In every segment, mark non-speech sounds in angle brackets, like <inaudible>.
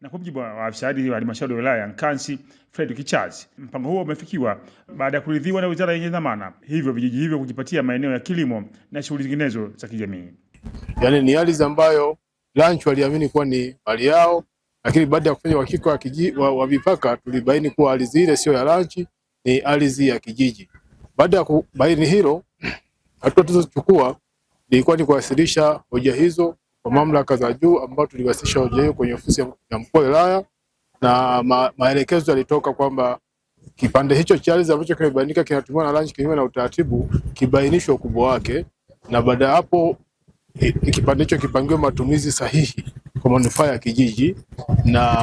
Na kwa mujibu wa afisa wa halmashauri ya wilaya ya Nkasi Fred Kichazi, mpango huo umefikiwa baada ya kuridhiwa na wizara yenye dhamana, hivyo vijiji hivyo kujipatia maeneo ya kilimo na shughuli zinginezo za kijamii. Yaani ni ardhi ambayo ranch waliamini kuwa ni mali yao, lakini baada ya kufanya uhakika wa, wa, wa tulibaini kuwa ardhi ile sio ya ranch, ni ardhi ya kijiji. Baada ya kubaini hilo, hatua tulizochukua ilikuwa ni kuwasilisha hoja hizo kwa mamlaka za juu ambao tuliwasilisha hoja hiyo kwenye ofisi ya mkuu wa wilaya, na ma, maelekezo yalitoka kwamba kipande hicho cha ardhi ambacho kimebainika kinatumiwa na ranchi kinyume na utaratibu kibainishwe ukubwa wake, na baada ya hapo kipande hicho kipangiwe matumizi sahihi kwa manufaa ya kijiji, na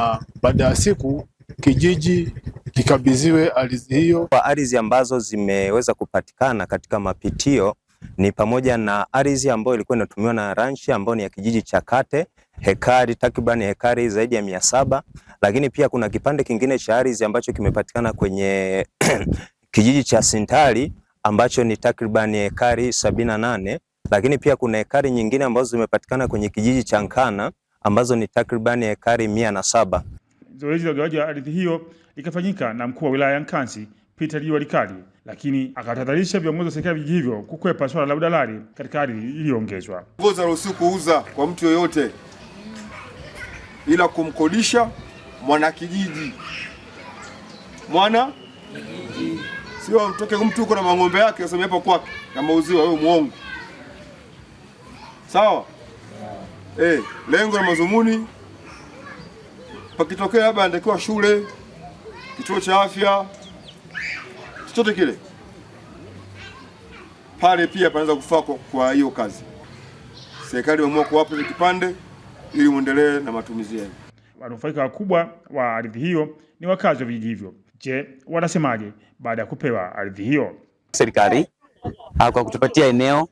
baada ya siku kijiji kikabidhiwe ardhi hiyo. Kwa ardhi ambazo zimeweza kupatikana katika mapitio ni pamoja na ardhi ambayo ilikuwa inatumiwa na ranchi ambayo ni ya kijiji cha Kate hekari takriban hekari zaidi ya mia saba, lakini pia kuna kipande kingine cha ardhi ambacho kimepatikana kwenye <clears throat> kijiji cha Sintali ambacho ni takriban hekari sabini na nane, lakini pia kuna hekari nyingine ambazo zimepatikana kwenye kijiji cha Nkana ambazo ni takriban hekari mia na saba. Zoezi la ugawaji wa ardhi hiyo likafanyika na mkuu wa wilaya ya Nkasi Peter Liwalinkali, lakini akatahadharisha viongozi wa serikali vijiji hivyo kukwepa swala la udalali katika ardhi iliyoongezwa. Viongozi haruhusiwi kuuza kwa mtu yoyote, ila kumkodisha mwanakijiji mwana sio mtoke mtu huko na mang'ombe yake aseme hapo kwake na mauziwa wewe muongo. Sawa? Yeah. Eh, lengo la mazumuni pakitokea labda andikiwa shule, kituo cha afya chochote kile pale, pia panaweza kufaa kwa hiyo kazi. Serikali imeamua kuwapa kipande ili muendelee na matumizi yenu. Wanufaika wakubwa wa ardhi hiyo ni wakazi wa vijiji hivyo. Je, wanasemaje baada ya kupewa ardhi hiyo? Serikali ah, kwa kutupatia eneo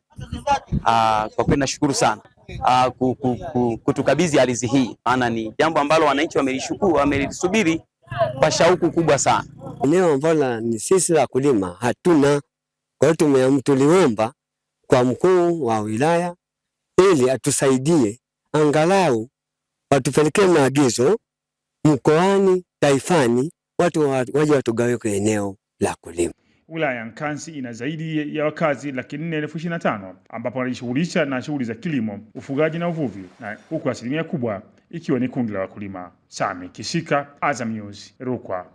ah, kwa kweli nashukuru sana ah, ku, ku, ku, kutukabidhi ardhi hii, maana ni jambo ambalo wananchi wamelisubiri kwa shauku kubwa sana eneo ambalo ni sisi la kulima hatuna. Kwa hiyo tume tuliomba kwa mkuu wa wilaya ili atusaidie angalau watupelekee maagizo mkoani, taifani, watu waje kwa eneo la kulima. Wilaya ya Nkasi ina zaidi ya wakazi laki nne elfu ishirini na tano ambapo wanajishughulisha na shughuli za kilimo, ufugaji na uvuvi, na huku asilimia kubwa ikiwa ni kundi la wakulima. Sami Kishika, Azam News, Rukwa.